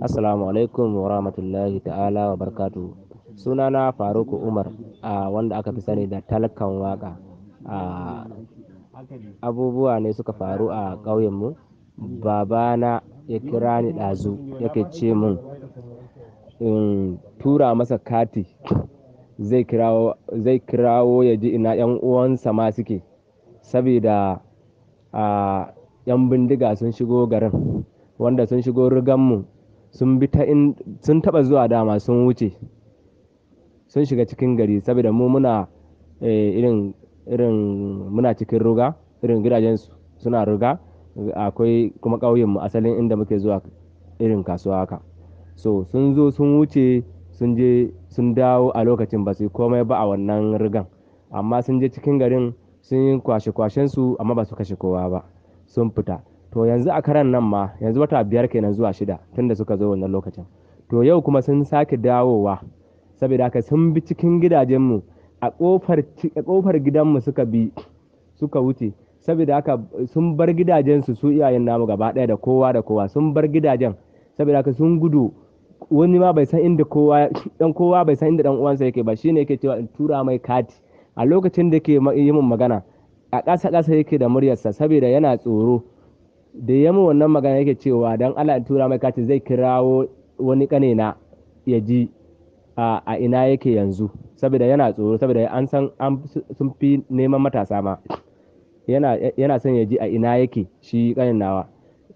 Assalamu alaikum wa rahmatullahi ta'ala wa barkatu. Suna na Faruku Umar a wanda aka fi sani da talakan waka. A abubuwa ne suka faru a ƙauyenmu. Babana ya kira ni ɗazu yake ce mun in tura masa kati zai kirawo ya ji ina yan uwansa ma suke saboda a yan bindiga sun shigo garin wanda sun shigo riganmu sun bi ta in sun taba zuwa dama sun wuce sun shiga cikin gari saboda mu muna eh, irin irin muna cikin ruga irin gidajen suna ruga akwai kuma ƙauyenmu asalin inda muke zuwa irin kasuwa haka so sun zo sun wuce sun je sun dawo a lokacin ba su komai ba a wannan rigan amma sun je cikin garin sun yi kwashe-kwashen su amma ba su kashe kowa ba sun fita to yanzu a karan nan ma yanzu wata biyar kenan zuwa shida tunda suka zo wannan lokacin to yau kuma sun sake dawowa saboda haka sun bi cikin gidajenmu a kofar gidanmu suka bi suka wuce saboda haka sun bar gidajensu su iyayen namu gaba ɗaya da kowa da kowa sun bar gidajen saboda haka sun gudu wani ma bai san inda kowa dan kowa bai san inda dan uwansa yake ba shine yake cewa in tura mai kati a lokacin da yake yi min magana a ƙasa ƙasa yake da muryarsa saboda yana tsoro da yamma wannan magana yake cewa dan Allah in tura mai kace zai kirawo wani kanena ya ji a ina yake yanzu saboda yana tsoro saboda an san an sun fi neman matasa ma yana yana son ya ji a ina yake shi kanin nawa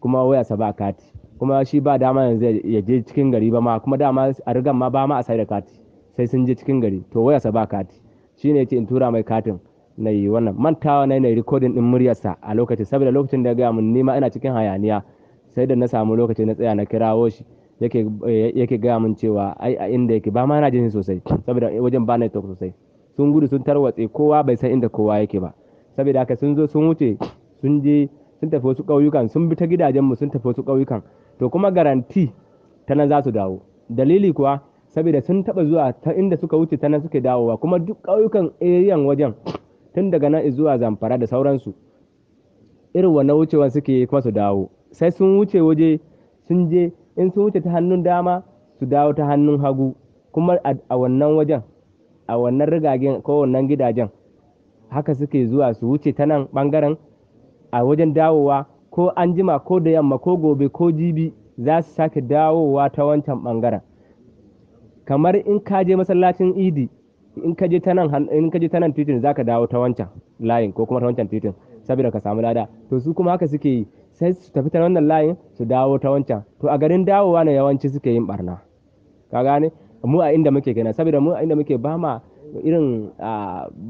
kuma sa ba kati kuma shi ba dama yanzu ya je cikin gari ba ma kuma dama a rigan ma ba ma a sai da kati sai sun je cikin gari to sa ba kati shine yace in tura mai katin na yi wannan mantawa na yanayi recording din muryarsa a lokacin saboda lokacin da ya gaya mun nima ina cikin hayaniya sai da na samu lokacin na tsaya na kirawo shi yake yake gaya mun cewa ai a inda yake ba ma na jin sosai saboda wajen ba network sosai sun gudu sun tarwatse kowa bai san inda kowa yake ba saboda haka sun zo sun wuce sun je sun tafi wasu ƙauyukan sun bi ta gidajen mu sun tafi wasu ƙauyukan to kuma garanti ta nan za su dawo dalili kuwa saboda sun taba zuwa ta inda suka wuce ta nan suke dawowa kuma duk ƙauyukan eriyan wajen tun daga nan zuwa zamfara da sauransu irin wannan wucewa suke kuma su dawo sai sun wuce waje sun je in sun wuce ta hannun dama su dawo ta hannun hagu kuma a wannan wajen a wannan rigagen ko wannan gidajen haka suke zuwa su wuce ta nan bangaren a wajen dawowa ko anjima ko da yamma ko gobe ko jibi za su sake dawowa ta wancan bangaren kamar in ka je masallacin idi in ka je ta nan in ka je ta nan titin zaka dawo ta wancan layin ko kuma ta wancan titin saboda ka samu lada to su kuma haka suke yi sai su tafi ta wannan layin su dawo ta wancan to a garin dawowa ne yawanci suke yin barna ka gane mu a inda muke kenan saboda mu a inda muke ba ma irin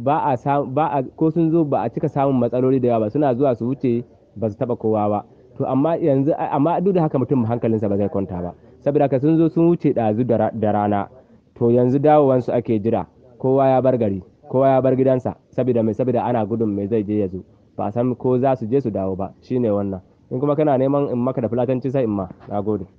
ba a ba a ko sun zo ba a cika samun matsaloli da yawa ba suna zuwa su wuce ba su taba kowa ba to amma yanzu amma duk da haka mutum hankalinsa ba zai kwanta ba saboda ka sun zo sun wuce ɗazu da rana to yanzu dawowansu ake jira kowa ya bar gari kowa ya bar gidansa saboda mai saboda ana gudun mai zai je ya zo ba san ko za su je su dawo ba shine wannan in kuma kana neman in maka da fulatanci sai in ma nagode